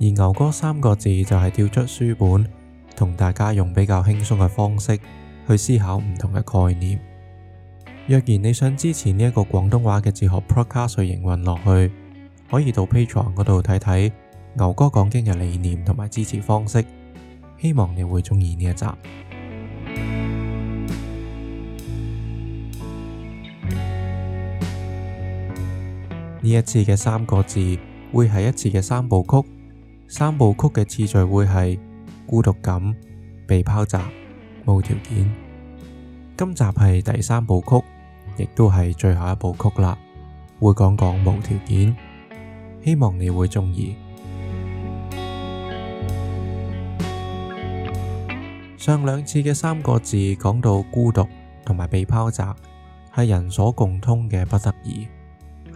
而牛哥三個字就係跳出書本，同大家用比較輕鬆嘅方式去思考唔同嘅概念。若然你想支持呢一個廣東話嘅哲學 podcast 去營運落去，可以到 Patreon 嗰度睇睇牛哥講經嘅理念同埋支持方式。希望你會中意呢一集。呢一 次嘅三個字會係一次嘅三部曲。三部曲嘅次序會係孤獨感、被拋擲、無條件。今集係第三部曲，亦都係最後一部曲啦。會講講無條件，希望你會鍾意。 上兩次嘅三個字講到孤獨同埋被拋擲，係人所共通嘅不得已，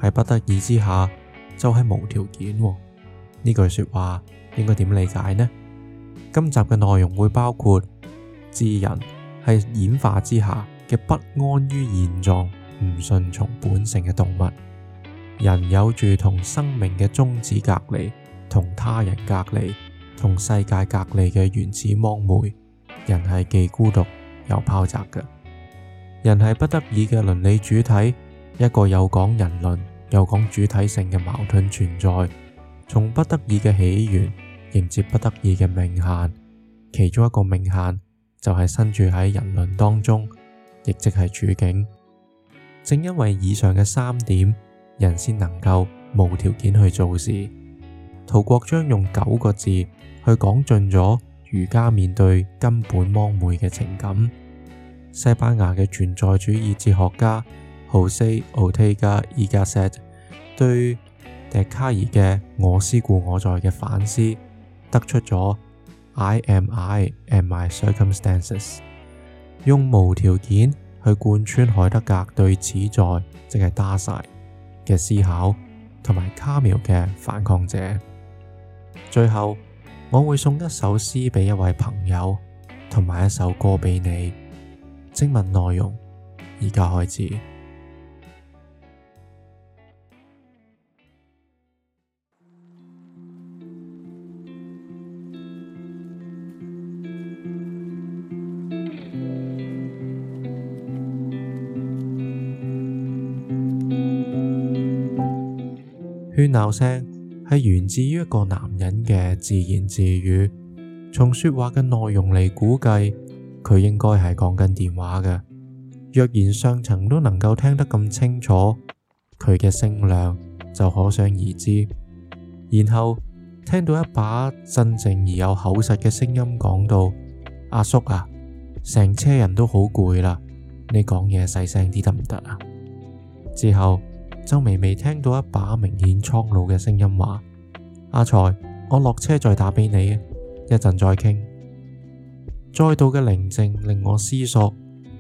喺不得已之下就係、是、無條件啊。呢句說話應該點理解呢？今集嘅內容會包括：智人係演化之下嘅不安於現狀、唔順從本性嘅動物；人有住同生命嘅終始隔離、同他人隔離、同世界隔離嘅原始芒昧；人係既孤獨又拋擲嘅；人係不得已嘅倫理主體，一個又講人倫又講主體性嘅矛盾存在。從不得已嘅起源，迎接不得已嘅命限，其中一個命限就係身處喺人倫當中，亦即係處境。正因為以上嘅三點，人先能夠無條件去做事。陶國璋用九個字去講盡咗儒家面對根本芒昧嘅情感。西班牙嘅存在主義哲學家豪西奧提加伊加塞，對。笛卡爾嘅我思故我在嘅反思，得出咗 I am I and my circumstances，用無條件去貫穿海德格對此在即係 Dasein 嘅思考，同埋卡繆嘅反抗者。最後我會送一首詩俾一位朋友，同埋一首歌俾你。正文內容，而家開始。喧鬧聲係源自於一個男人嘅自言自語，從說話嘅內容嚟估計，佢應該係講緊電話嘅。若然上層都能夠聽得咁清楚，佢嘅聲量就可想而知。然後聽到一把鎮靜而有口實嘅聲音講到：「阿叔啊，成車人都好攰啦，你講嘢細聲啲得唔得啊？」之後。周微微聽到一把明顯蒼老嘅聲音話：阿財，我落車再打俾你啊，一陣再傾。再度嘅寧靜令我思索，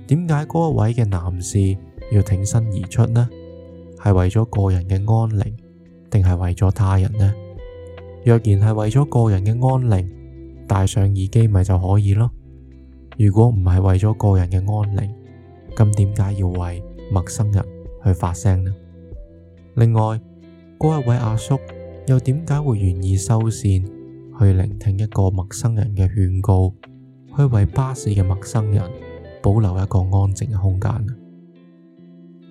點解嗰一位嘅男士要挺身而出呢？係為咗個人嘅安寧，定係為咗他人呢？若然係為咗個人嘅安寧，戴上耳機咪就可以咯。如果唔係為咗個人嘅安寧，咁點解要為陌生人去發聲呢？另外，嗰一位阿叔又點解會願意收線去聆聽一個陌生人嘅勸告，去為巴士嘅陌生人保留一個安靜嘅空間？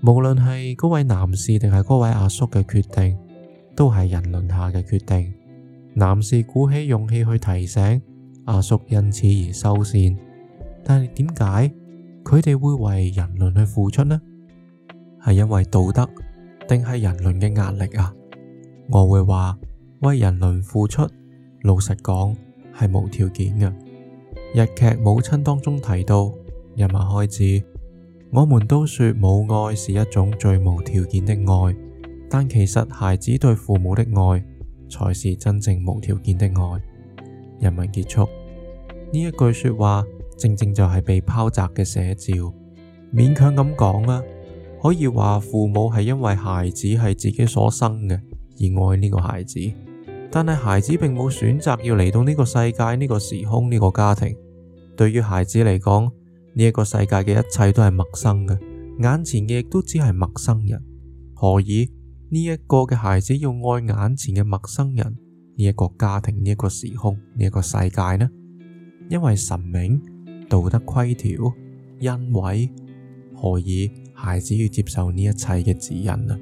無論係嗰位男士定係嗰位阿叔嘅決定，都係人倫下嘅決定。男士鼓起勇氣去提醒阿叔，因此而收線。但係點解佢哋會為人倫去付出呢？係因為道德。定係人倫嘅壓力啊！我會話為人倫付出，老實講係無條件嘅。日劇《母親》當中提到，人民開始，我們都說母愛是一種最無條件的愛，但其實孩子對父母的愛才是真正無條件的愛。人民結束呢一句說話，正正就係被拋擲嘅寫照。勉強咁講啦。可以話父母係因為孩子係自己所生嘅而愛呢個孩子，但係孩子並冇選擇要嚟到呢個世界、呢、這個時空、呢、這個家庭。對於孩子嚟講，呢、這、一個世界嘅一切都係陌生嘅，眼前嘅亦都只係陌生人。何以呢一、這個嘅孩子要愛眼前嘅陌生人呢一、這個家庭、呢、這、一個時空、呢、這、一個世界呢？因為神明道德規條，因為何以？孩子要接受呢一切嘅指引啊，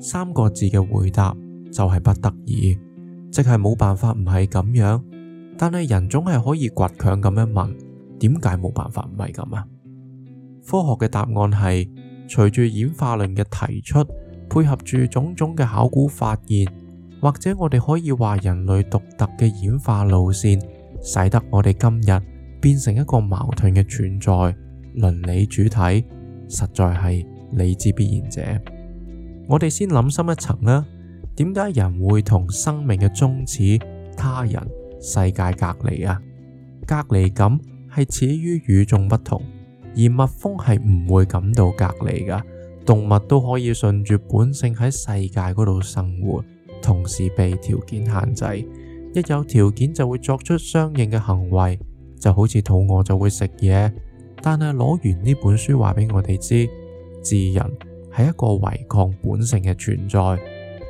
三個字嘅回答就係不得已，即係冇辦法唔係咁樣。但係人總係可以倔強咁樣問，點解冇辦法唔係咁啊？科學嘅答案係隨住演化論嘅提出，配合住種種嘅考古發現，或者我哋可以話人類獨特嘅演化路線，使得我哋今日變成一個矛盾嘅存在，倫理主體。實在係理之必然者。我哋先諗深一層呢，點解人會同生命嘅終始、他人、世界隔離啊？隔離感係始於與眾不同，而蜜蜂係唔會感到隔離噶。動物都可以順住本性喺世界嗰度生活，同時被條件限制。一有條件就會作出相應嘅行為，就好似肚餓就會食嘢。但係攞完呢本書話俾我哋知，智人係一個違抗本性嘅存在。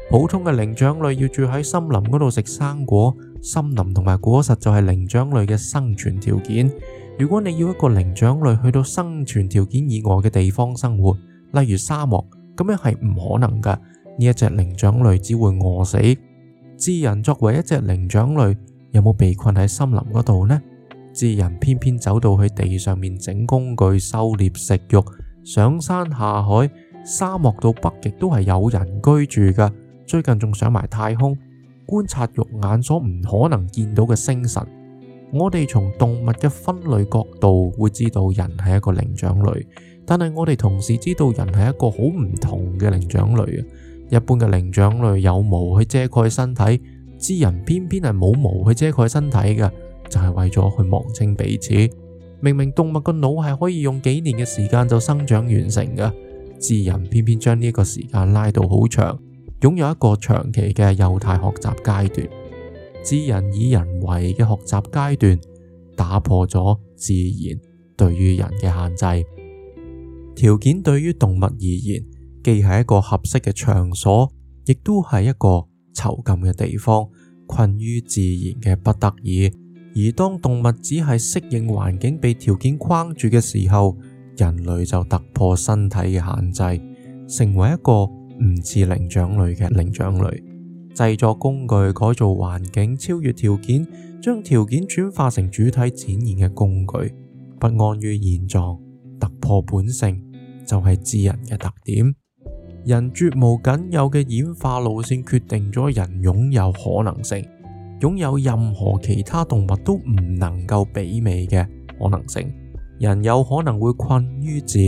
普通嘅靈長類要住喺森林嗰度食生果，森林同埋果實就係靈長類嘅生存條件。如果你要一個靈長類去到生存條件以外嘅地方生活，例如沙漠，咁樣係唔可能噶。呢一隻靈長類只會餓死。智人作為一隻靈長類，有冇被困喺森林嗰度呢？智人偏偏走到去地上面整工具、狩獵、食肉，上山下海，沙漠到北極都係有人居住噶。最近仲上埋太空，觀察肉眼所唔可能見到嘅星辰。我哋從動物嘅分類角度會知道人係一個靈長類，但係我哋同時知道人係一個好唔同嘅靈長類啊。一般嘅靈長類有毛去遮蓋身體，智人偏偏係冇毛去遮蓋身體嘅。就係為咗去望清彼此。明明動物個腦係可以用幾年嘅時間就生長完成嘅，智人偏偏將呢個時間拉到好長，擁有一個長期嘅幼態學習階段。智人以人為嘅學習階段打破咗自然對於人嘅限制條件，對於動物而言，既係一個合適嘅場所，亦都係一個囚禁嘅地方。困於自然嘅不得已。而當動物只係適應環境，被條件框住嘅時候，人類就突破身體嘅限制，成為一個唔似靈長類嘅靈長類。製作工具、改造環境、超越條件，將條件轉化成主體展現嘅工具。不安於現狀、突破本性，就係、是、智人嘅特點。人絕無僅有嘅演化路線，決定咗人擁有可能性。擁有任何其他動物都唔能夠媲美嘅可能性，人有可能會困於自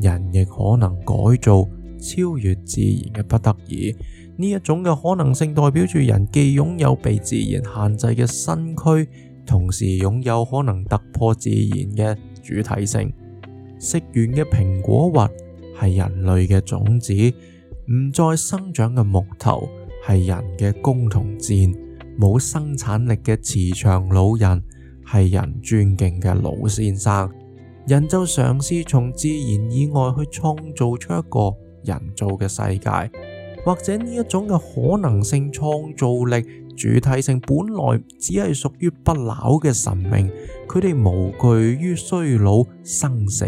然，人亦可能改造超越自然嘅不得已。呢一種嘅可能性，代表住人既擁有被自然限制嘅身軀，同時擁有可能突破自然嘅主體性。食完嘅蘋果核係人類嘅種子，唔再生長嘅木頭係人嘅弓同箭。冇生產力嘅慈祥老人係人尊敬嘅老先生，人就嘗試從自然以外去創造出一個人造嘅世界，或者呢一種嘅可能性、創造力、主體性，本來只係屬於不朽嘅神明，佢哋無懼於衰老生死，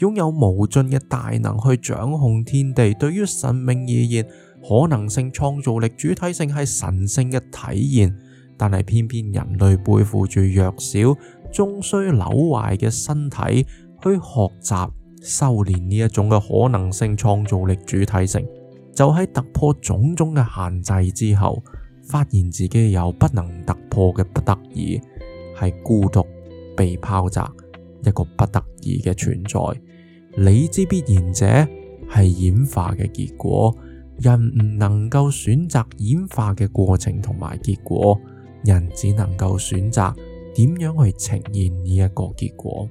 擁有無盡嘅大能去掌控天地。對於神明而言，可能性、創造力、主體性係神性嘅體現，但係偏偏人類背負住弱小、終須朽壞嘅身體去學習、修煉呢一種嘅可能性、創造力、主體性，就喺突破種種嘅限制之後，發現自己有不能突破嘅不得已，係孤獨、被拋擲一個不得已嘅存在。理之必然者係演化嘅結果。人唔能夠選擇演化嘅過程同埋結果，人只能夠選擇點樣去呈現呢一個結果。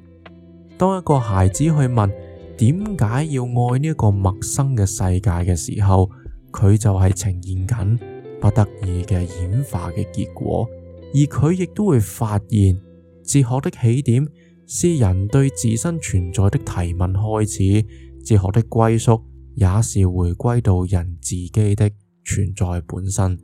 當一個孩子去問點解要愛呢個陌生嘅世界嘅時候，佢就係呈現緊不得已嘅演化嘅結果，而佢亦都會發現，哲學的起點是人對自身存在的提問開始，哲學的歸宿。也是回歸到人自己的存在本身，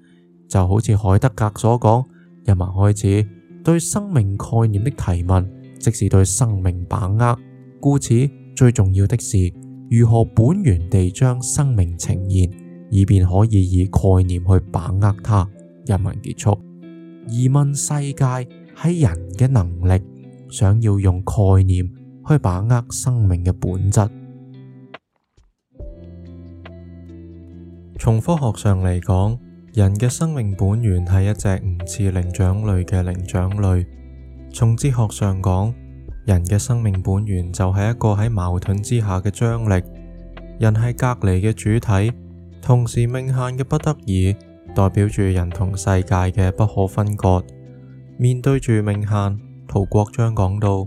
就好似海德格所講，人們開始對生命概念的提問，即是對生命把握。故此，最重要的是如何本源地將生命呈現，以便可以以概念去把握它。人們結束，疑問世界係人嘅能力，想要用概念去把握生命嘅本質。從科學上嚟講，人嘅生命本源係一隻唔似靈長類嘅靈長類；從哲學上講，人嘅生命本源就係一個喺矛盾之下嘅張力。人係隔離嘅主體，同時命限嘅不得已，代表住人同世界嘅不可分割。面對住命限，陶國璋講到：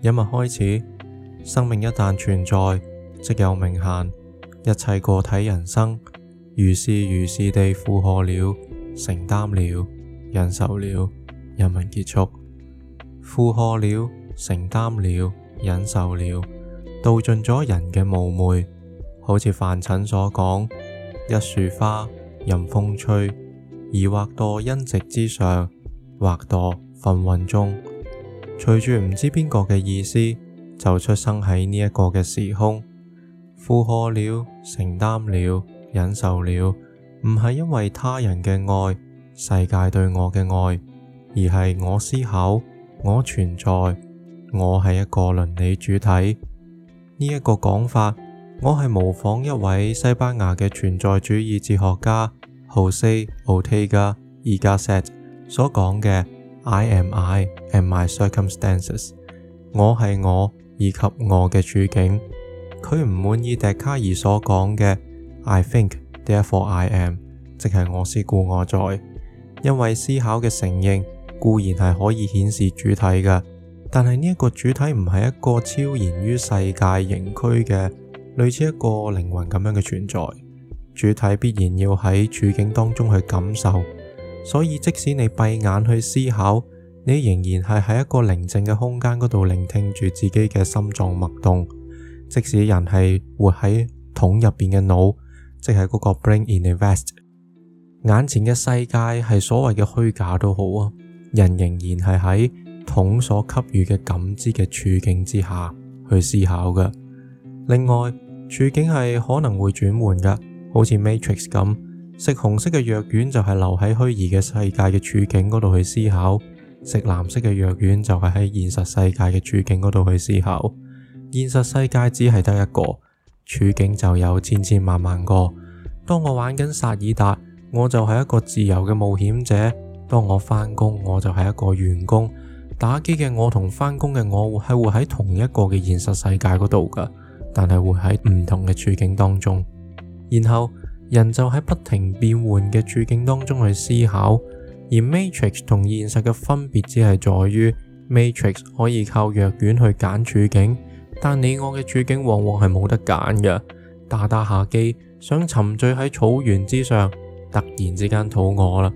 一日開始，生命一旦存在，即有命限，一切個體人生。如是如是地負荷了，承擔了，忍受了，人民結束。負荷了，承擔了，忍受了，道盡咗人嘅芒昧。好似范縝所講：一樹花任風吹，而或墮茵席之上，或墮糞溷中。隨住唔知邊個嘅意思，就出生喺呢一個嘅時空。負荷了，承擔了。忍受了，唔係因為他人嘅愛，世界對我嘅愛，而係我思考，我存在，我係一個倫理主體呢一個講法。我係模仿一位西班牙嘅存在主義哲學家 José Ortega y Gasset 所講嘅：I am I and my circumstances。我係我以及我嘅處境。佢唔滿意笛卡爾所講嘅。I think, therefore I am，即係我思故我在。因為思考嘅承認固然係可以顯示主體嘅，但係呢一個主體唔係一個超然於世界形軀嘅，類似一個靈魂咁樣嘅存在。主體必然要喺處境當中去感受，所以即使你閉眼去思考，你仍然係喺一個寧靜嘅空間嗰度聆聽住自己嘅心臟脈動。即使人係活喺桶入邊嘅腦。即係嗰個 brain in a vat，眼前嘅世界係所謂嘅虛假都好啊，人仍然係喺統所給予嘅感知嘅處境之下去思考㗎。另外，處境係可能會轉換噶，好似 Matrix 咁，食紅色嘅藥丸就係留喺虛擬嘅世界嘅處境嗰度去思考，食藍色嘅藥丸就係喺現實世界嘅處境嗰度去思考。現實世界只係得一個。處境就有千千萬萬個。當我玩緊《薩爾達》，我就係一個自由嘅冒險者；當我翻工，我就係一個員工。打機嘅我同翻工嘅我，係會喺同一個嘅現實世界嗰度噶，但係會喺唔同嘅處境當中。然後人就喺不停變換嘅處境當中去思考，而《Matrix》同現實嘅分別只係在於，《Matrix》可以靠藥丸去揀處境。但你我嘅處境往往係冇得揀㗎，打打下機，想沉醉喺草原之上，突然之間肚餓啦。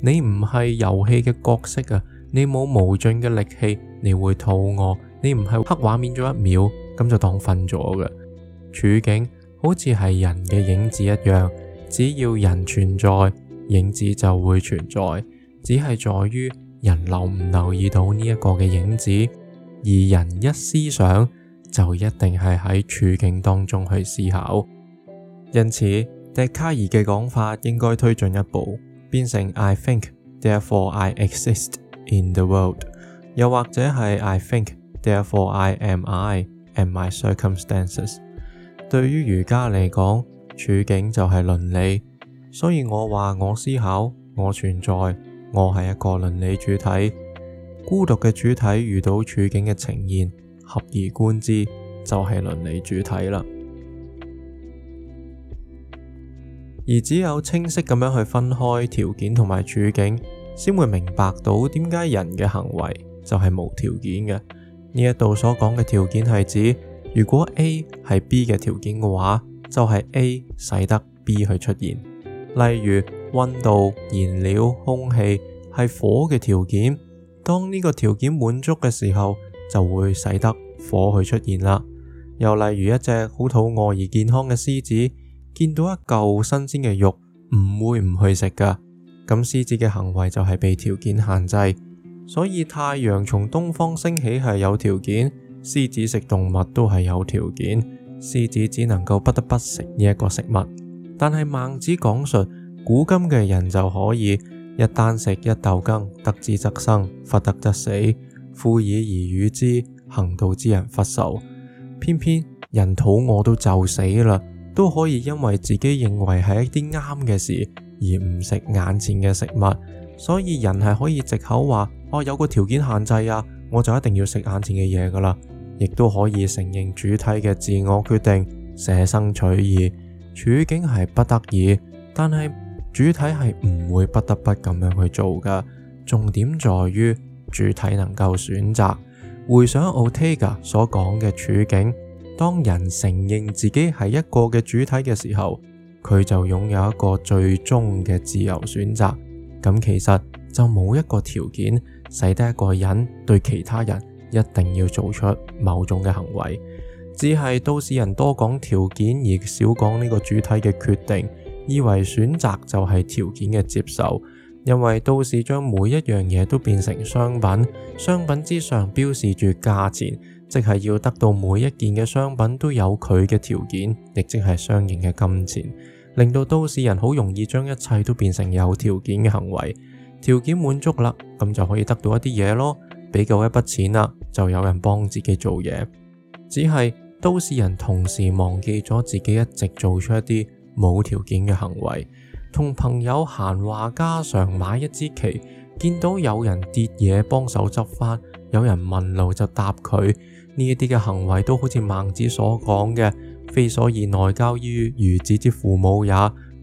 你唔係遊戲嘅角色啊，你冇無盡嘅力氣，你會肚餓。你唔係黑畫面咗一秒，咁就當瞓咗㗎。處境，好似係人嘅影子一樣，只要人存在，影子就會存在，只係在於人留唔留意到呢一個嘅影子，而人一思想。就一定係喺處境當中去思考，因此笛卡爾嘅講法應該推進一步，變成 I think, therefore I exist in the world，又或者係 I think, therefore I am I and my circumstances。對於儒家嚟講，處境就係倫理，所以我話我思考，我存在，我係一個倫理主體，孤獨嘅主體遇到處境嘅呈現。合而觀之，就係、是、倫理主體啦。而只有清晰咁樣去分開條件同埋處境，先會明白到點解人嘅行為就係無條件嘅。呢一度所講嘅條件係指，如果 A 係 B 嘅條件嘅話，就係、是、A 使得 B 去出現。例如温度、燃料、空氣係火嘅條件。當呢個條件滿足嘅時候，就會使得火去出現啦。又例如一隻好肚餓而健康嘅獅子，見到一嚿新鮮嘅肉，唔會唔去食噶。咁獅子嘅行為就係被條件限制，所以太陽從東方升起係有條件，獅子食動物都係有條件，獅子只能夠不得不食呢一個食物。但係孟子講述古今嘅人就可以一簞食一豆羹，得之則生，弗得則死。富以而與之，行道之人弗受，偏偏人肚餓都就死啦，都可以因為自己認為係一啲啱嘅事而唔食眼前嘅食物，所以人係可以借口話哦、啊、有個條件限制啊，我就一定要食眼前嘅嘢噶啦，亦都可以承認主體嘅自我決定捨生取義，處境係不得已，但係主體係唔會不得不咁樣去做噶，重點在於。主體能夠選擇，回想 Ortega 所講嘅處境，當人承認自己係一個嘅主體嘅時候，佢就擁有一個最終嘅自由選擇。咁其實就冇一個條件，使得一個人對其他人一定要做出某種嘅行為，只係都市人多講條件而少講呢個主體嘅決定，以為選擇就係條件嘅接受。因為都市將每一樣嘢都變成商品，商品之上標示住價錢，即係要得到每一件嘅商品都有佢嘅條件，亦即係相應嘅金錢，令到都市人好容易將一切都變成有條件嘅行為。條件滿足啦，咁就可以得到一啲嘢咯。俾夠一筆錢啦，就有人幫自己做嘢。只係都市人同時忘記咗自己一直做出一啲冇條件嘅行為。同朋友閒話家常，買一支旗，見到有人跌嘢，幫手執翻，有人問路就答佢，呢一啲嘅行為都好似孟子所講嘅，非所以內交於孺子之父母也，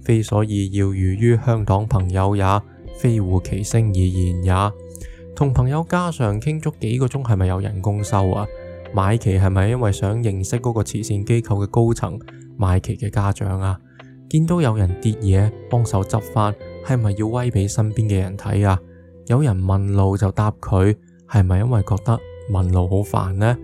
非所以要譽於鄉黨朋友也，非乎其聲而然也。同朋友家常傾足幾個鐘，係咪有人工收啊？買旗係咪因為想認識嗰個慈善機構嘅高層買旗嘅家長啊？見到有人跌嘢，幫手執翻，係咪要威俾身邊嘅人睇啊？有人問路就答佢，係咪因為覺得問路好煩呢？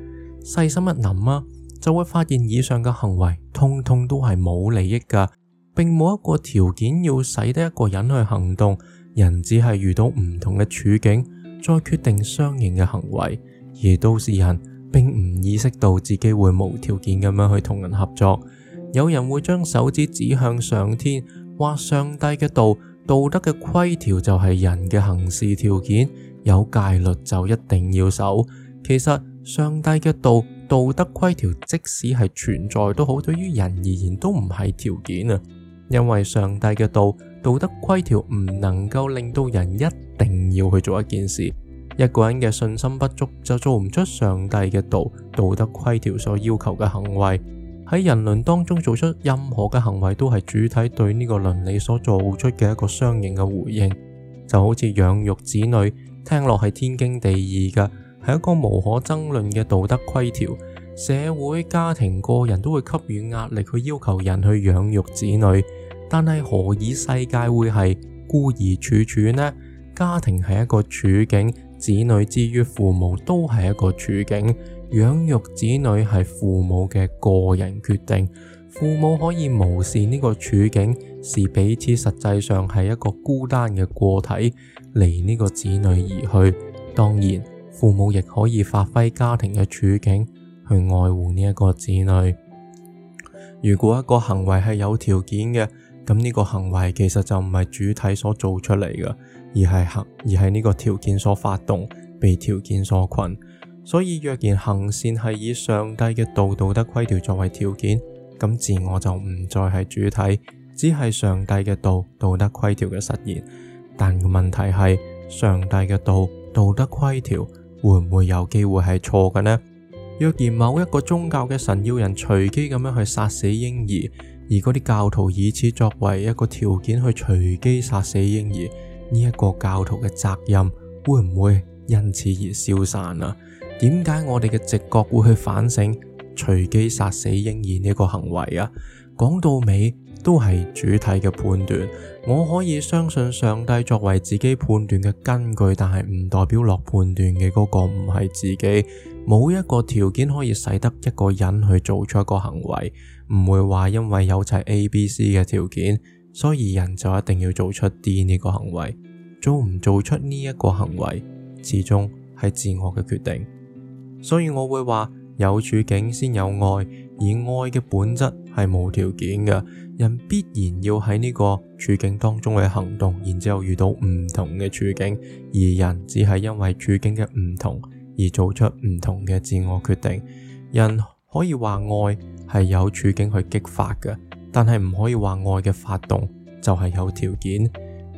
細心一諗啊，就會發現以上嘅行為，通通都係冇利益噶，並冇一個條件要使得一個人去行動。人只係遇到唔同嘅處境，再決定相應嘅行為，而都市人，並唔意識到自己會無條件咁樣去同人合作。有人會將手指指向上天，話上帝嘅道、道德嘅規條就係人嘅行事條件，有戒律就一定要守。其實上帝嘅道、道德規條即使係存在都好，對於人而言都唔係條件啊，因為上帝嘅道、道德規條唔能夠令到人一定要去做一件事。一個人嘅信心不足，就做唔出上帝嘅道、道德規條所要求嘅行為。喺人倫當中做出任何嘅行為，都係主體對呢個倫理所做出嘅一個相應嘅回應。就好似養育子女，聽落係天經地義嘅，係一個無可爭論嘅道德規條。社會、家庭、個人都會給予壓力去要求人去養育子女。但係何以世界會係孤兒處處呢？家庭係一個處境，子女之於父母都係一個處境。養育子女係父母嘅個人決定，父母可以無視呢個處境，是彼此實際上係一個孤單嘅個體，離呢個子女而去。當然，父母亦可以發揮家庭嘅處境去愛護呢一個子女。如果一個行為係有條件嘅，咁呢個行為其實就唔係主體所做出嚟嘅，而係行，而係呢個條件所發動，被條件所困。所以，若然行善係以上帝嘅道道德規條作為條件，咁自我就唔再係主體，只係上帝嘅道道德規條嘅實現。但問題係，上帝嘅道道德規條會唔會有機會係錯嘅呢？若然某一個宗教嘅神要人隨機咁樣去殺死嬰兒，而嗰啲教徒以此作為一個條件去隨機殺死嬰兒，呢一個教徒嘅責任會唔會因此而消散啊？點解我哋嘅直覺會去反省隨機殺死嬰兒呢一個行為啊？講到尾都係主體嘅判斷。我可以相信上帝作為自己判斷嘅根據，但係唔代表落判斷嘅嗰個唔係自己。冇一個條件可以使得一個人去做出一個行為，唔會話因為有齊 A、B、C 嘅條件，所以人就一定要做出 D 呢個行為。做唔做出呢一個行為，始終係自我嘅決定。所以我會話有處境先有愛，而愛嘅本質係無條件嘅。人必然要喺呢個處境當中嘅行動，然之後遇到唔同嘅處境，而人只係因為處境嘅唔同而做出唔同嘅自我決定。人可以話愛係有處境去激發嘅，但係唔可以話愛嘅發動就係有條件。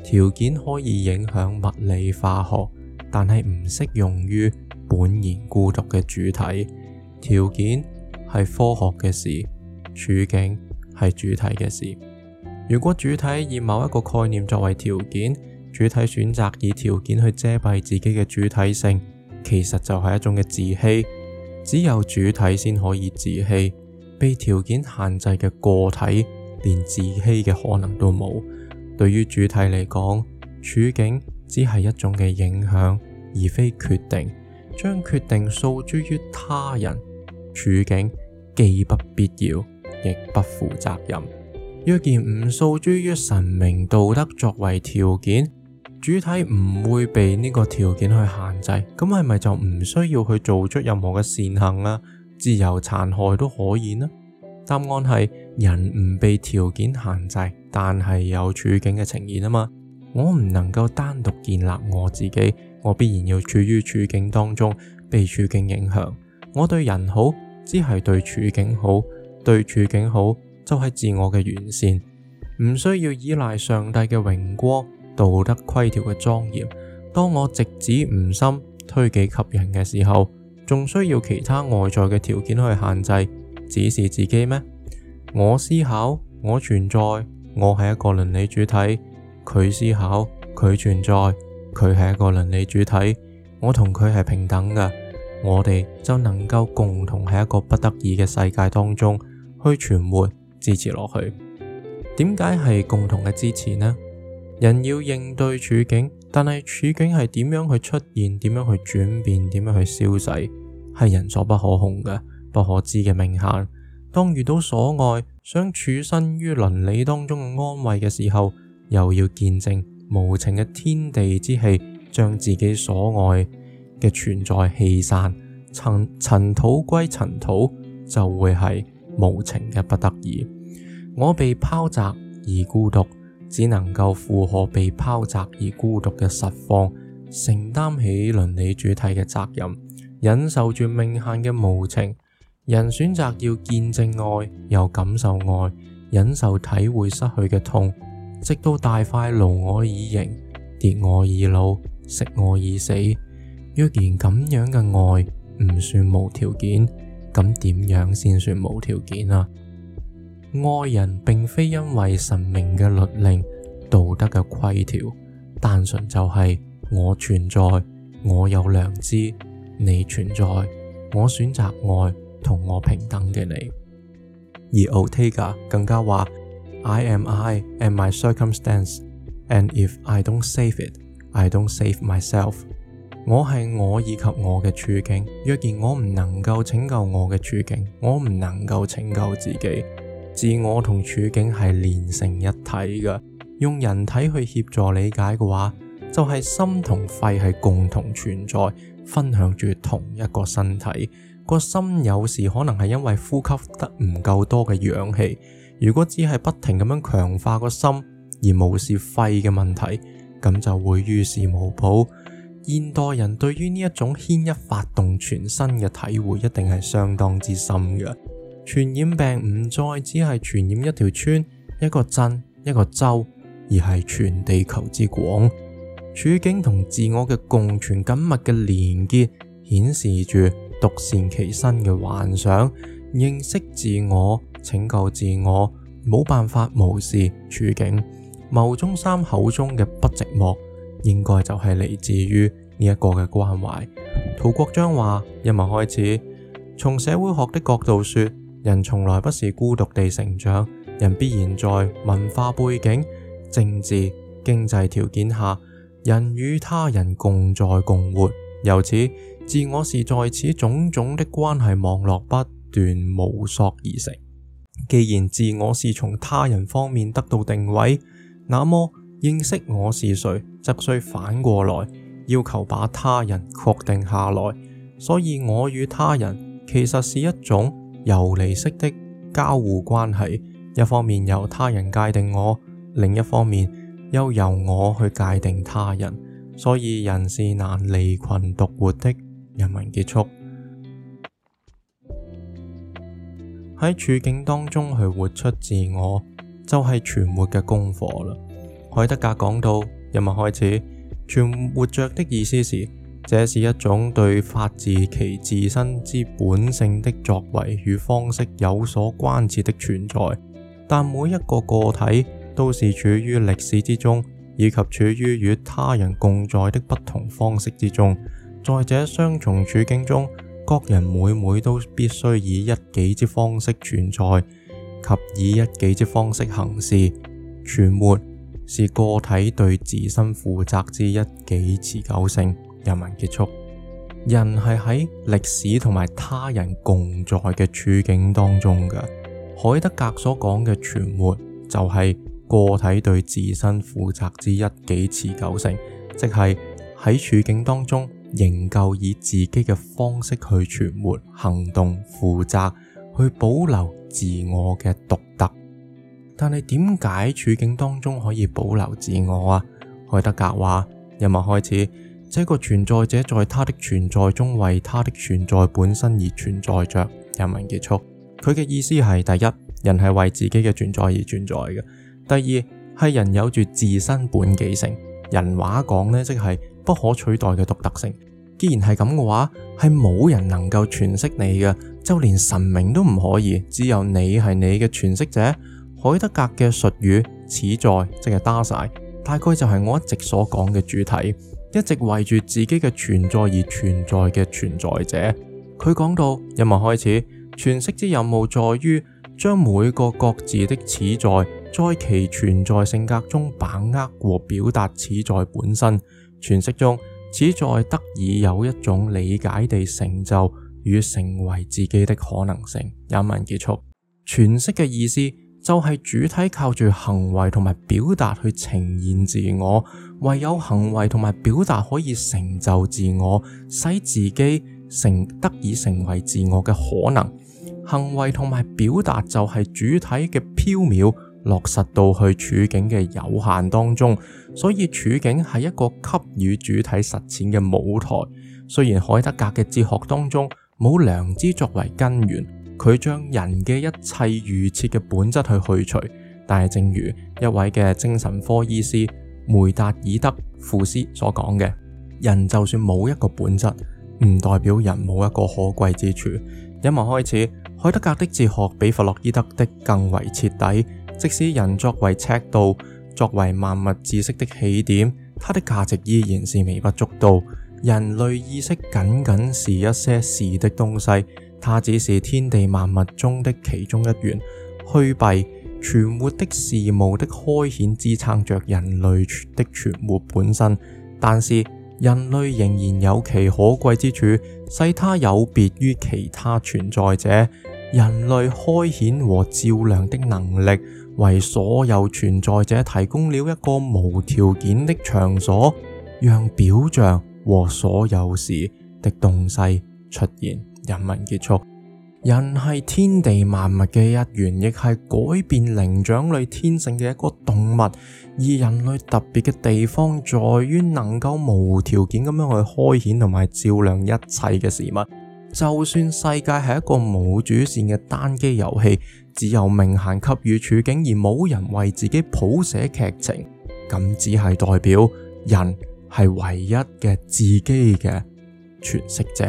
條件可以影響物理化學，但係唔適用於。本然孤獨嘅主體條件係科學嘅事，處境係主體嘅事。如果主體以某一個概念作為條件，主體選擇以條件去遮蔽自己嘅主體性，其實就係一種嘅自欺。只有主體先可以自欺，被條件限制嘅個體連自欺嘅可能都冇。對於主體嚟講，處境只係一種嘅影響，而非決定。將決定訴諸於他人處境，既不必要，亦不負責任。若然唔訴諸於神明道德作為條件，主體唔會被呢個條件去限制，咁係咪就唔需要去做出任何嘅善行啊？自由殘害都可以呢？答案係人唔被條件限制，但係有處境嘅呈現啊嘛，我唔能夠單獨建立我自己。我必然要處於處境當中，被處境影響。我對人好，只係對處境好。對處境好就係、是、自我嘅完善，唔需要依賴上帝嘅榮光、道德規條嘅莊嚴。當我直指吾心、推己及人嘅時候，仲需要其他外在嘅條件去限制、指示自己咩？我思考，我存在，我係一個倫理主體。佢思考，佢存在。佢係一個倫理主體，我同佢係平等嘅，我哋就能夠共同喺一個不得已嘅世界當中去存活支持落去。點解係共同嘅支持呢？人要應對處境，但係處境係點樣去出現、點樣去轉變、點樣去消逝，係人所不可控嘅、不可知嘅命限。當遇到所愛，想處身於倫理當中嘅安慰嘅時候，又要見證。無情嘅天地之氣，將自己所愛嘅存在棄散，塵塵土歸塵土，就會係無情嘅不得已。我被拋擲而孤獨，只能夠負荷被拋擲而孤獨嘅實況，承擔起倫理主體嘅責任，忍受住命限嘅無情。人選擇要見證愛，又感受愛，忍受體會失去嘅痛。直到大塊勞我以形，跌我以老，食我以死。若然咁樣嘅愛唔算無條件，咁點樣先算無條件啊？愛人並非因為神明嘅律令、道德嘅規條，單純就係我存在，我有良知，你存在，我選擇愛同我平等嘅你。而奧提加更加話。I am I and my circumstance. And if I don't save it, I don't save myself. 我係我以及我嘅處境。若然我唔能夠拯救我嘅處境，我唔能夠拯救自己。自我同處境係連成一體嘅。用人體去協助理解嘅話，就係心同肺係共同存在，分享住同一個身體。個心有時可能係因為呼吸得唔夠多嘅氧氣。如果只係不停咁樣強化個心，而無視肺嘅問題，咁就會於事無補。現代人對於呢一種牽一髮動全身嘅體會，一定係相當之深嘅。傳染病唔再只係傳染一條村、一個鎮、一個州，而係全地球之廣。處境同自我嘅共存緊密嘅連結，顯示住獨善其身嘅幻想，認識自我。拯救自我冇辦法無視處境。牟宗三口中嘅不寂寞，應該就係嚟自於呢一個嘅關懷。陶國璋話：因為開始從社會學的角度說，人從來不是孤獨地成長，人必然在文化背景、政治、經濟條件下，人與他人共在共活。由此，自我是在此種種的關係網絡不斷摸索而成。既然自我是從他人方面得到定位，那麼認識我是誰，則需反過來要求把他人確定下來。所以，我與他人其實是一種游離式的交互關係，一方面由他人界定我，另一方面又由，由我去界定他人。所以，人是難離群獨活的。人民結束。喺處境當中去活出自我，就係、是、存活嘅功課啦。海德格講到，人物開始存活着的意思是，這是一種對發自其自身之本性的作為與方式有所關切的存在。但每一個個體都是處於歷史之中，以及處於與他人共在的不同方式之中。在這一雙重處境中。各人每每都必須以一己之方式存在及以一己之方式行事，存活是個體對自身負責之一己持久性。人民結束，人係喺歷史同埋他人共在嘅處境當中嘅。海德格所講嘅存活就係個體對自身負責之一己持久性，即係喺處境當中，仍夠以自己嘅方式去存活、行動、負責，去保留自我嘅獨特。但係點解處境當中可以保留自我啊？海德格話：一文開始，這個存在者在他的存在中為他的存在本身而存在着。一文結束，佢嘅意思係：第一，人係為自己嘅存在而存在嘅；第二，係人有住自身本己性。人話講呢，即係。不可取代嘅獨特性。既然係咁嘅話，係冇人能夠詮釋你嘅，就連神明都唔可以，只有你係你嘅詮釋者。海德格嘅術語“此在”即係 “Dasein”，大概就係我一直所講嘅主體，一直為住自己嘅存在而存在嘅存在者。佢講到，因為開始詮釋之任務在於將每個各自的此在，在其存在性格中把握和表達此在本身。詮釋中，此在得以有一種理解地成就與成為自己的可能性。引文結束。詮釋嘅意思就係主體靠住行為同埋表達去呈現自我，唯有行為同埋表達可以成就自我，使自己成得以成為自我嘅可能。行為同埋表達就係主體嘅飄渺。落實到去處境嘅有限當中，所以處境係一個給予主體實踐嘅舞台。雖然海德格嘅哲學當中冇良知作為根源，佢將人嘅一切預設嘅本質去去除，但係正如一位嘅精神科醫師梅達爾德庫斯所講嘅，人就算冇一個本質，唔代表人冇一個可貴之處。因為開始海德格的哲學比弗洛伊德的更為徹底。即使人作為尺度，作為萬物知識的起點，它的價值依然是微不足道。人類意識僅僅是一些事的東西，它只是天地萬物中的其中一員，虛蔽存活的事物的開顯支撐着人類的存活本身。但是人類仍然有其可貴之處，使它有別於其他存在者。人類開顯和照亮的能力，為所有存在者提供了一個無條件的場所，讓表象和所有事的動勢出現。人民結束，人係天地萬物嘅一員，亦係改變靈長類天性嘅一個動物。而人類特別嘅地方在於能夠無條件咁樣去開顯同埋照亮一切嘅事物。就算世界係一個冇主線嘅單機遊戲，只有命限給予處境，而冇人為自己譜寫劇情，咁只係代表人係唯一嘅自己嘅詮釋者。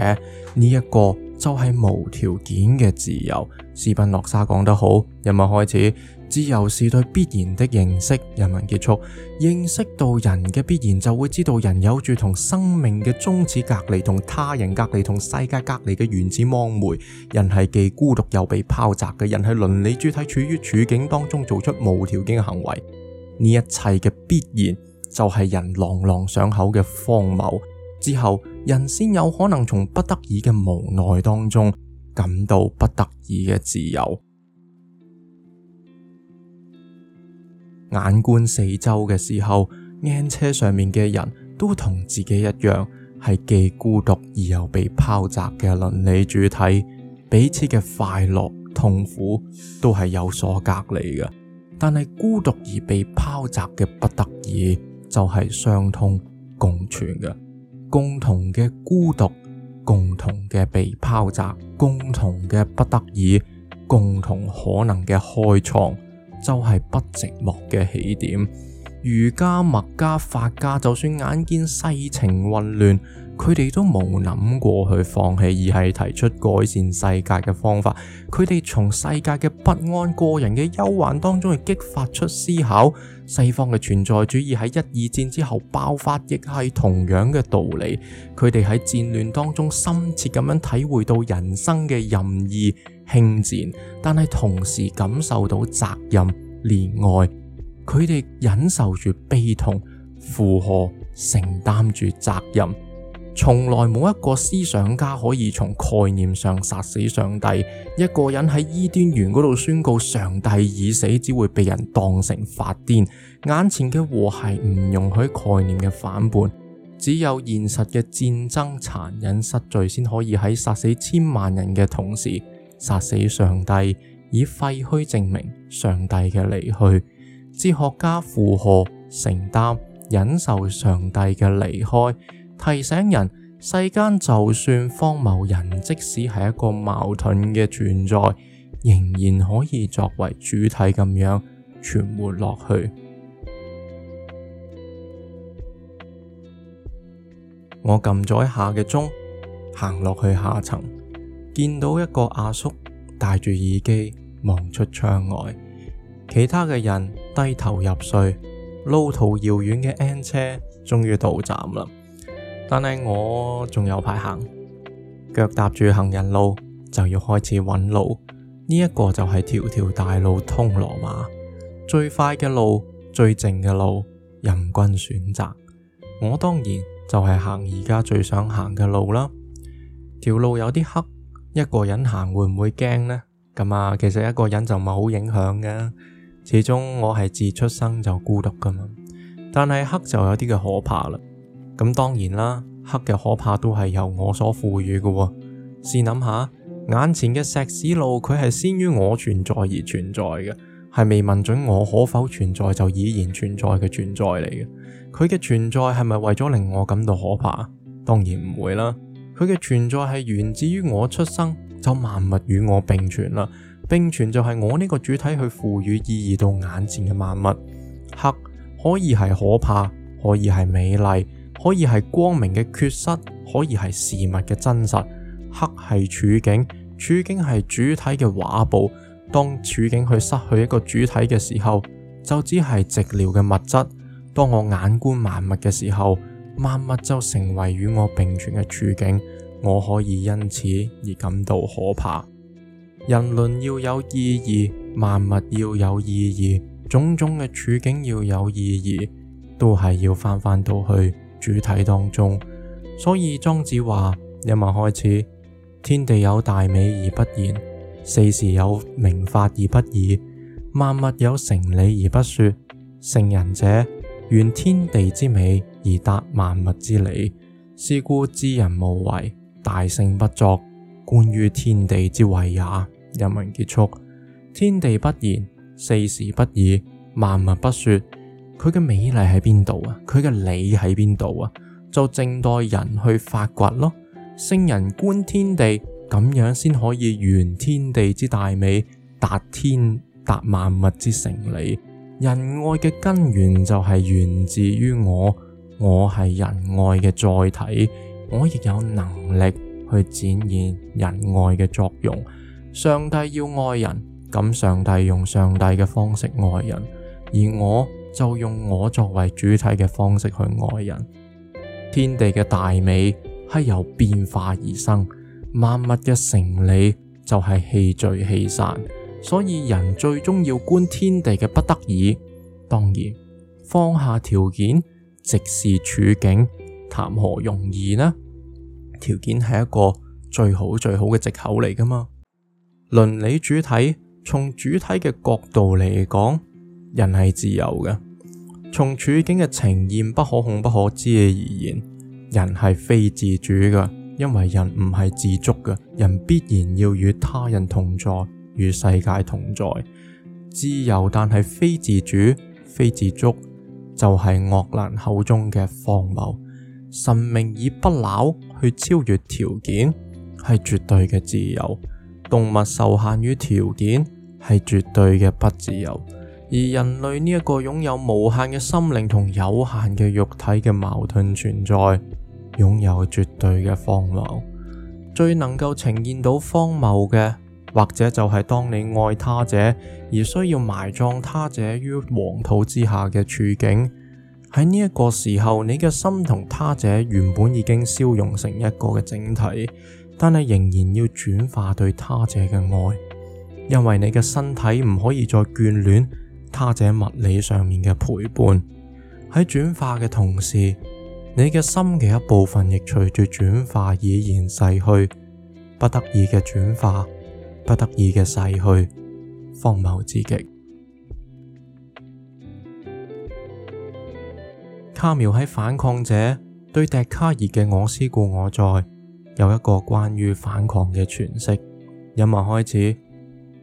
呢、這、一個就係無條件嘅自由。斯賓諾莎講得好，今日文開始。自由是對必然的認識，人民結束認識到人嘅必然，就會知道人有住同生命嘅終始隔離，同他人隔離，同世界隔離嘅原始芒昧。人係既孤獨又被拋擲嘅人，係倫理主體處於處境當中做出無條件嘅行為。呢一切嘅必然就係人朗朗上口嘅荒謬之後，人先有可能從不得已嘅無奈當中感到不得已嘅自由。眼觀四周嘅時候，車上面嘅人都同自己一樣，係既孤獨而又被拋擲嘅倫理主體，彼此嘅快樂、痛苦都係有所隔離嘅。但係孤獨而被拋擲嘅不得已，就係、是、相通共存嘅，共同嘅孤獨，共同嘅被拋擲，共同嘅不得已，共同可能嘅開創，就係不寂寞嘅起點。儒家、墨家、法家，就算眼見世情混亂，佢哋都冇諗過去放棄，而係提出改善世界嘅方法。佢哋從世界嘅不安、個人嘅憂患當中，去激發出思考。西方嘅存在主義喺一二戰之後爆發，亦係同樣嘅道理。佢哋喺戰亂當中深切咁樣體會到人生嘅任意。輕戰，但係同時感受到責任、憐愛。佢哋忍受住悲痛、負荷承擔住責任。從來冇一個思想家可以從概念上殺死上帝。一個人喺伊甸園嗰度宣告上帝已死，只會被人當成發癲。眼前嘅和諧唔容許概念嘅反叛，只有現實嘅戰爭殘忍失序，先可以喺殺死千萬人嘅同時。殺死上帝，以廢墟證明上帝嘅離去。哲學家負荷，承擔忍受上帝嘅離開。提醒人世間，就算荒謬人，即使係一個矛盾嘅存在，仍然可以作為主體咁樣存活落去。我撳咗一下嘅鐘，行落去下層。見到一個阿叔戴住耳機望出窗外，其他嘅人低頭入睡。路途遙遠嘅 N 車終於到站啦，但係我仲有排行，腳踏住行人路就要開始搵路。呢、這、一個就係條條大路通羅馬，最快嘅路、最靜嘅路任君選擇。我當然就係行而家最想行嘅路啦。條路有啲黑。一個人行會唔會驚呢？咁啊，其實一個人就唔係好影響嘅。始終我係自出生就孤獨噶嘛。但係黑就有啲嘅可怕啦。咁當然啦，黑嘅可怕都係由我所賦予嘅。試諗下，眼前嘅石屎路，佢係先於我存在而存在嘅，係未問准我可否存在就已然存在嘅存在嚟嘅。佢嘅存在係咪為咗令我感到可怕？當然唔會啦。佢嘅存在係源自於我出生，就萬物與我并存啦。并存就係我呢個主體去賦予意義到眼前嘅萬物。黑可以係可怕，可以係美麗，可以係光明嘅缺失，可以係事物嘅真實。黑係處境，處境係主體嘅畫布。當處境去失去一個主體嘅時候，就只係寂寥嘅物質。當我眼觀萬物嘅時候。萬物就成為與我並存嘅處境，我可以因此而感到可怕。人倫要有意義，萬物要有意義，種種嘅處境要有意義，都係要翻翻到去主體當中。所以莊子話：一物開始，天地有大美而不言；四時有明法而不議；萬物有成理而不說。聖人者，原天地之美，而達萬物之理，是故知人無為，大聖不作，觀於天地之謂也。人民結束，天地不言，四時不語，萬物不說，佢嘅美麗喺邊度啊？佢嘅理喺邊度啊？就正待人去發掘咯。聖人觀天地，咁樣先可以圓天地之大美，達天達萬物之成理。仁愛嘅根源就係源自於我。我係人愛嘅載體，我亦有能力去展現人愛嘅作用。上帝要愛人，咁上帝用上帝嘅方式愛人，而我就用我作為主體嘅方式去愛人。天地嘅大美係由變化而生，萬物嘅成理就係氣聚氣散，所以人最終要觀天地嘅不得已。當然，放下條件。直視處境，談何容易呢？條件係一個最好最好嘅借口嚟㗎嘛。倫理主體，從主體嘅角度嚟講，人係自由嘅；從處境嘅呈現，不可控、不可知嘅而言，人係非自主嘅，因為人唔係自足嘅，人必然要與他人同在，與世界同在。自由但係非自主、非自足。就係鄂蘭口中嘅荒謬，神明以不朽去超越條件，係絕對嘅自由；動物受限於條件，係絕對嘅不自由。而人類呢一個擁有無限嘅心靈同有限嘅肉體嘅矛盾存在，擁有絕對嘅荒謬，最能夠呈現到荒謬嘅。或者就係當你愛他者而需要埋葬他者於黃土之下嘅處境，喺呢一個時候，你嘅心同他者原本已經消融成一個嘅整體，但係仍然要轉化對他者嘅愛，因為你嘅身體唔可以再眷戀他者物理上面嘅陪伴。喺轉化嘅同時，你嘅心嘅一部分亦隨住轉化已然逝去，不得已嘅轉化。不得已嘅逝去，荒謬之極。卡繆喺反抗者，對笛卡爾嘅我思故我在有一個關於反抗嘅詮釋。引文開始，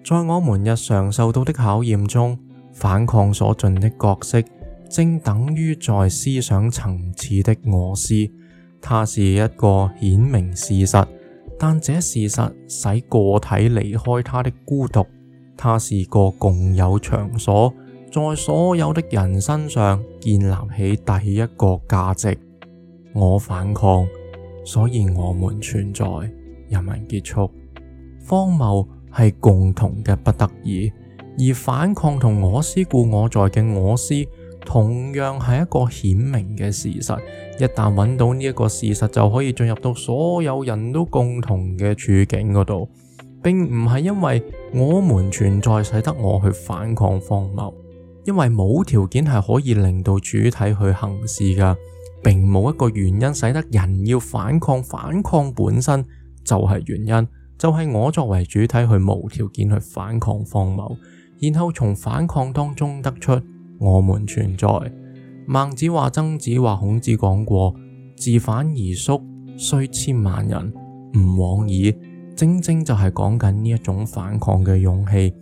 在我們日常受到的考驗中，反抗所盡的角色，正等於在思想層次的我思，它是一個顯明事實。但這事實使個體離開他的孤獨，他是個共有場所，在所有的人身上建立起第一個價值。我反抗，所以我們存在。人民結束。荒謬係共同嘅不得已，而反抗同我思故我在嘅我思，同樣係一個顯明嘅事實，一旦揾到呢一個事實，就可以進入到所有人都共同嘅處境嗰度，並唔係因為我們存在使得我去反抗荒謬，因為冇條件係可以令到主體去行事㗎，並冇一個原因使得人要反抗，反抗本身就係原因，就係、是、我作為主體去無條件去反抗荒謬，然後從反抗當中得出。我們存在，孟子話，曾子話，孔子講過，自反而縮，雖千萬人，吾往矣。正正就係講緊呢一種反抗嘅勇氣。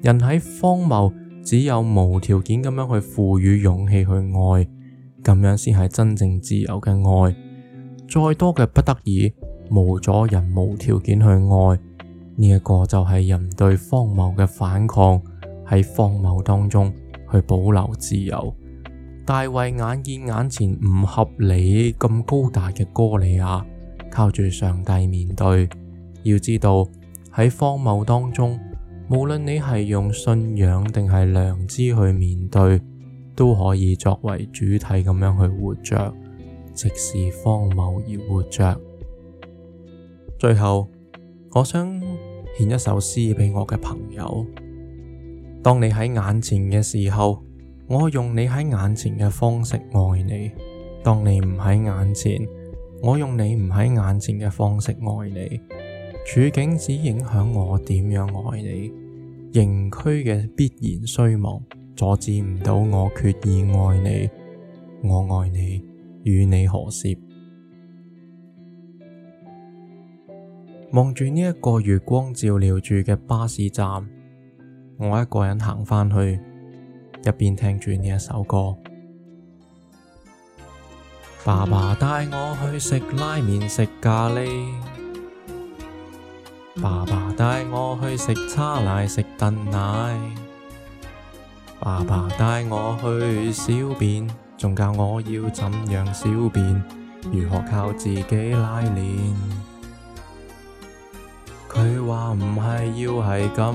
人喺荒謬，只有無條件咁樣去賦予勇氣去愛，咁樣先係真正自由嘅愛。再多嘅不得已，無阻人無條件去愛，呢一個就係人對荒謬嘅反抗。喺荒謬當中，去保留自由。大衛眼見眼前唔合理咁高大嘅哥利亞，靠住上帝面對。要知道喺荒謬當中，無論你係用信仰定係良知去面對，都可以作為主體咁樣去活着，即使荒謬要活着。最後，我想獻一首詩俾我嘅朋友。當你喺眼前嘅時候，我用你喺眼前嘅方式愛你；當你唔喺眼前，我用你唔喺眼前嘅方式愛你。處境只影響我點樣愛你，刑區嘅必然衰亡，阻止唔到我決意愛你。我愛你，與你何諧何涉。望住呢一個月光照料照耀住嘅巴士站。我一個人行返去，一邊聽住呢一首歌。爸爸帶我去食拉麵食咖喱，爸爸帶我去食叉奶食燉奶，爸爸帶我去小便，仲教我要怎樣小便，如何靠自己拉鏈。佢話唔係要係咁。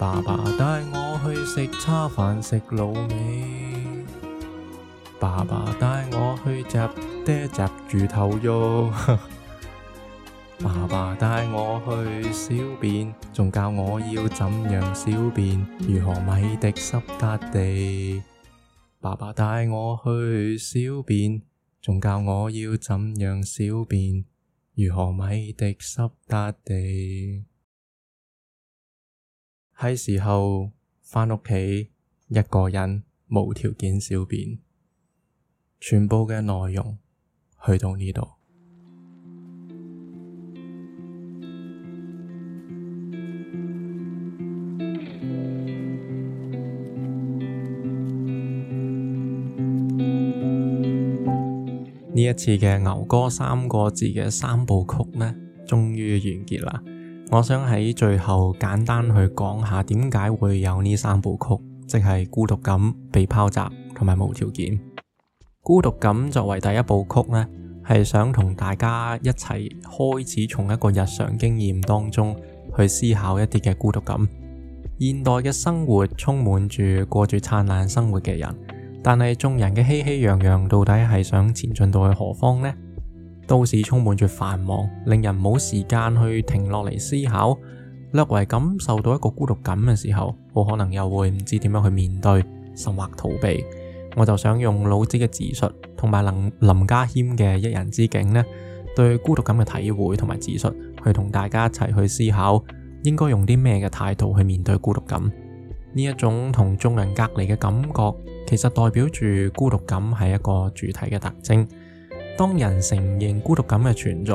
爸爸帶我去食叉飯，食滷味，爸爸帶我去食爹食魚頭肉， 爸爸帶我去小便，仲教我要怎樣小便，如何米滴濕笪地。爸爸帶我去小便，仲教我要怎樣小便，如何米滴濕笪地。係時候返屋企，一個人無條件小便，全部嘅內容去到呢度。呢一次嘅牛哥三個字嘅三部曲呢，終於完結啦。我想喺最後簡單去講下點解會有呢三部曲，即係孤獨感、被拋擲同埋無條件。孤獨感作為第一部曲呢，係想同大家一齊開始從一個日常經驗當中去思考一啲嘅孤獨感。現代嘅生活充滿住過住燦爛生活嘅人，但係眾人嘅熙熙攘攘到底係想前進到去何方呢？都市充滿住繁忙，令人冇時間去停落嚟思考。略為感受到一個孤獨感嘅時候，我可能又會唔知點樣去面對，甚或逃避。我就想用老子嘅自述同埋林林家謙嘅一人之境咧，對孤獨感嘅體會同埋自述，去同大家一齊去思考，應該用啲咩嘅態度去面對孤獨感。呢一種同眾人隔離嘅感覺，其實代表住孤獨感係一個主體嘅特徵。當人承認孤獨感嘅存在，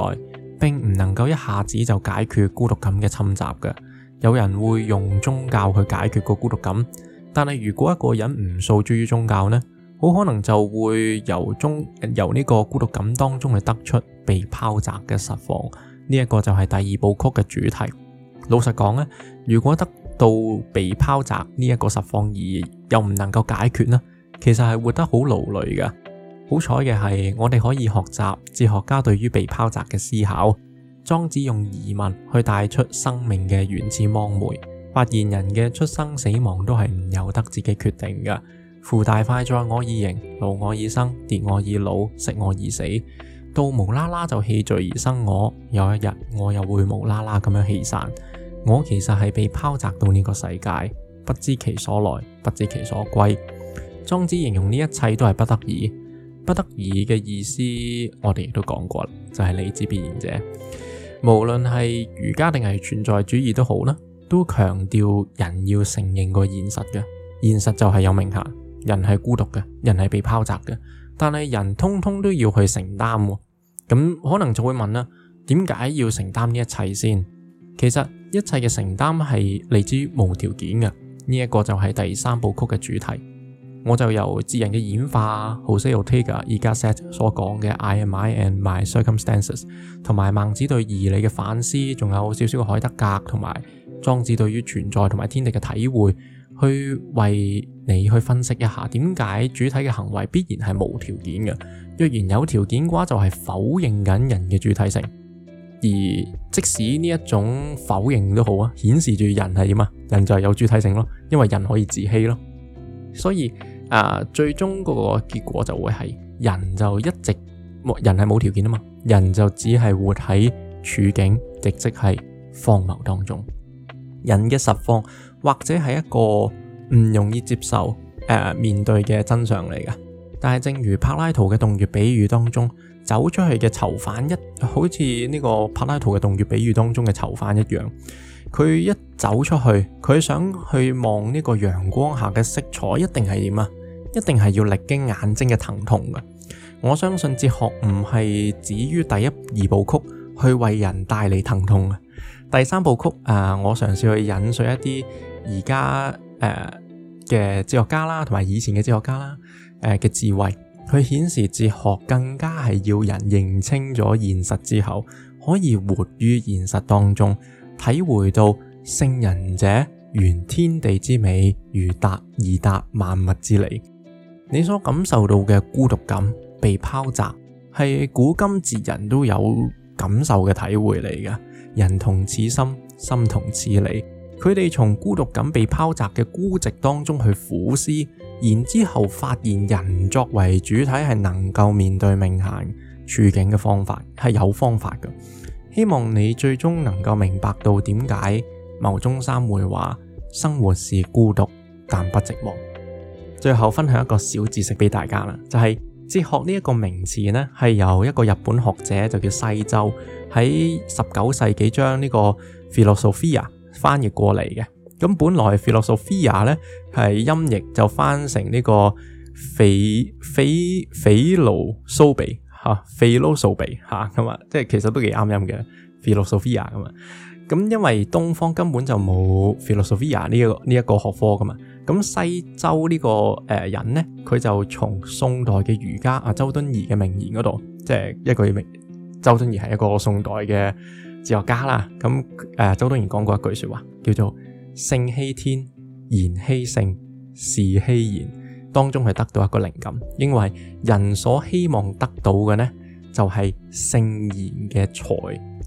並唔能夠一下子就解決孤獨感嘅侵襲嘅。有人會用宗教去解決個孤獨感，但係如果一個人唔訴諸於宗教呢，好可能就會由中由呢個孤獨感當中去得出被拋擲嘅實況。呢、這、一個就係第二部曲嘅主題。老實講咧，如果得到被拋擲呢一個實況，而又唔能夠解決呢，其實係活得好勞累嘅。好彩嘅係，我哋可以學習哲學家對於被拋擲嘅思考。莊子用疑問去帶出生命嘅源自芒昧，發現人嘅出生死亡都係唔由得自己決定嘅。負大快在我以形，勞我以生，跌我以老，食我以死，到無啦啦就氣聚而生我，有一日我又會無啦啦咁樣氣散。我其實係被拋擲到呢個世界，不知其所來，不知其所歸。莊子形容呢一切都係不得已。不得已嘅意思，我哋亦都講過啦，就係、是、理智必然者，無論係儒家定係存在主義都好啦，都強調人要承認個現實嘅，現實就係有命限，人係孤獨嘅，人係被拋擲嘅，但係人通通都要去承擔，咁、嗯、可能就會問啦，點解要承擔呢一切先？其實一切嘅承擔係嚟自於無條件嘅，呢、這、一個就係第三部曲嘅主題。我就由智人嘅演化，José Ortega y Gasset 所講嘅 I am I and my circumstances，同埋孟子對義理嘅反思，仲有少少嘅海德格，同埋莊子對於存在同埋天地嘅體會，去為你去分析一下點解主體嘅行為必然係無條件嘅。若然有條件嘅話，就係、是、否認緊人嘅主體性。而即使呢一種否認都好啊，顯示住人係點啊？人就係有主體性咯，因為人可以自欺咯。所以。啊！最終嗰個結果就會係人就一直，人係冇條件啊嘛，人就只係活喺處境，亦即係荒謬當中。人嘅實況或者係一個唔容易接受誒、呃、面對嘅真相嚟嘅。但係正如柏拉圖嘅洞穴比喻當中，走出去嘅囚犯一好似呢個柏拉圖嘅洞穴比喻當中嘅囚犯一樣，佢一走出去，佢想去望呢個陽光下嘅色彩，一定係點啊？一定係要歷經眼睛嘅疼痛噶。我相信哲學唔係止於第一二部曲去為人帶嚟疼痛嘅。第三部曲啊、呃，我嘗試去引述一啲而家誒嘅哲學家啦，同埋以前嘅哲學家啦，嘅、呃、智慧，去顯示哲學更加係要人認清咗現實之後，可以活於現實當中。體會到聖人者，原天地之美，如達而達萬物之理。你所感受到嘅孤獨感、被拋擲，係古今哲人都有感受嘅體會嚟嘅。人同此心，心同此理。佢哋從孤獨感、被拋擲嘅孤寂當中去苦思，然之後發現人作為主體係能夠面對命限處境嘅方法，係有方法嘅。希望你最終能夠明白到點解牟宗三會話，生活是孤獨但不寂寞。最後分享一個小知識俾大家啦，就係、是、哲學呢一個名詞呢，係由一個日本學者就叫西周喺十九世紀，將呢個 philosophia 翻譯過嚟嘅。咁本來 philosophia 呢係音譯，就翻成呢個斐腓腓路蘇比。So 啊 philosophy 吓，咁啊，即係其實都幾啱音嘅 philosophia 咁啊。咁因為東方根本就冇 philosophia 呢、啊、一、這個呢一、這個學科噶嘛。咁西周、這個呃、呢個誒人咧，佢就從宋代嘅儒家啊周敦頤嘅名言嗰度，即係一句名。周敦頤係一個宋代嘅哲學家啦。咁誒、呃，周敦頤講過一句説話，叫做聖希天，賢希聖，士希賢。當中係得到一個靈感，因為人所希望得到嘅呢，就係聖賢嘅才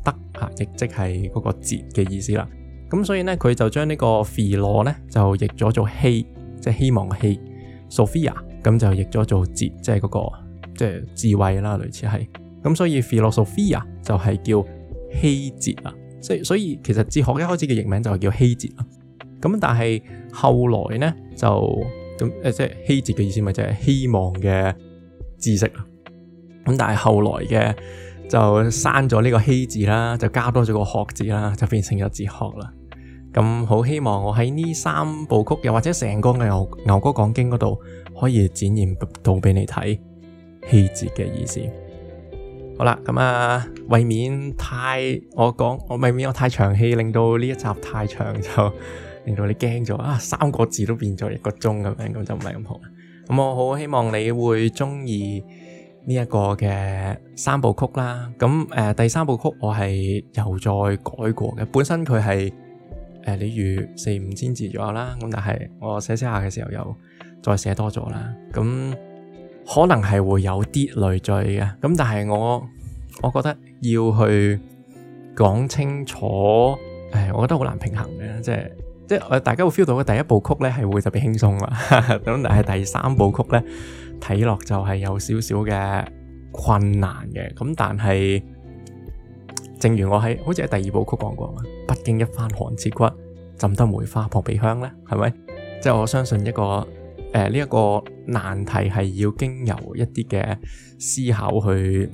德嚇，亦即係嗰個哲嘅意思啦。咁所以呢，佢就將呢個 philo 呢，就譯咗做希，即係希望希，Sophia 咁就譯咗做哲，即係嗰、嗰個即係智慧啦，類似係。咁所以 philosophia 就係叫希哲啊，即係所以其實哲學一開始嘅譯名就係叫希哲啦。咁但係後來呢，就。咁誒、嗯、即係希字嘅意思咪即係希望嘅知識咁、嗯、但係後來嘅就刪咗呢個希字啦，就加多咗個學字啦，就變成咗哲學啦。咁好希望我喺呢三部曲，又或者成個牛牛哥講經嗰度，可以展現到俾你睇希字嘅意思。好啦，咁、嗯、啊，為免太我講，我未免我太長氣，令到呢一集太長就。令到你驚咗啊！三個字都變咗一個鐘咁樣，咁就唔係咁好啦。咁我好希望你會中意呢一個嘅三部曲啦。咁誒、呃，第三部曲我係又再改過嘅。本身佢係誒，你、呃、如四五千字左右啦。咁但係我寫寫下嘅時候又再寫多咗啦。咁可能係會有啲累贅嘅。咁但係我我覺得要去講清楚，誒、哎，我覺得好難平衡嘅，即係。即大家會 feel 到嘅第一部曲呢係會特別輕鬆啦。咁但係第三部曲呢，睇落就係有少少嘅困難嘅。咁但係，正如我喺好似喺第二部曲講過啊，不經一番寒徹骨，怎得梅花撲鼻香呢，係咪？即係我相信一個誒呢一個難題係要經由一啲嘅思考去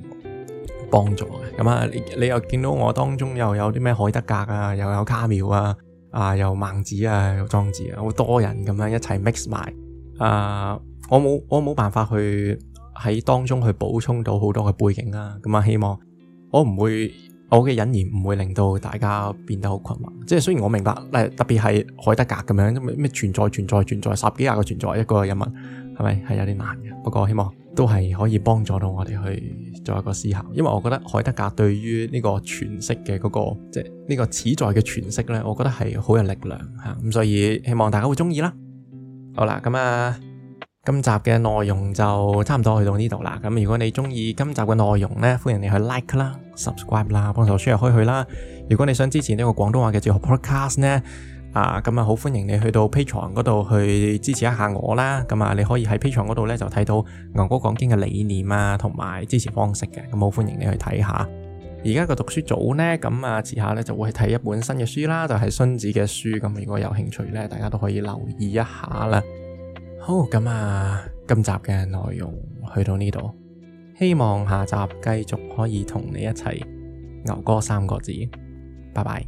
幫助嘅。咁啊，你你又見到我當中又有啲咩海德格啊，又有卡繆啊？啊，又孟子啊，又莊子啊，好多人咁樣一齊 mix 埋啊！我冇我冇辦法去喺當中去補充到好多嘅背景啦、啊。咁啊，希望我唔會我嘅引言唔會令到大家變得好困惑。即係雖然我明白，特別係海德格咁樣咩咩存在存在存在，存在十幾廿個存在一個人物，係咪係有啲難嘅？不過希望。都係可以幫助到我哋去做一個思考，因為我覺得海德格對於呢個詮釋嘅嗰個，即係呢個此在嘅詮釋呢，我覺得係好有力量吓，咁、啊、所以希望大家會中意啦。好啦，咁啊，今集嘅內容就差唔多去到呢度啦。咁如果你中意今集嘅內容呢，歡迎你去 like 啦，subscribe 啦，幫手 share 開去啦。如果你想支持呢個廣東話嘅哲學 podcast 呢。啊，咁啊，好歡迎你去到 P 站嗰度去支持一下我啦。咁啊，你可以喺 P 站嗰度呢就睇到牛哥講經嘅理念啊，同埋支持方式嘅。咁好歡迎你去睇下。而家個讀書組呢，咁啊，遲下呢就會睇一本新嘅書啦，就係、是、孫子嘅書。咁如果有興趣呢，大家都可以留意一下啦。好，咁啊，今集嘅內容去到呢度，希望下集繼續可以同你一齊。牛哥三個字，拜拜。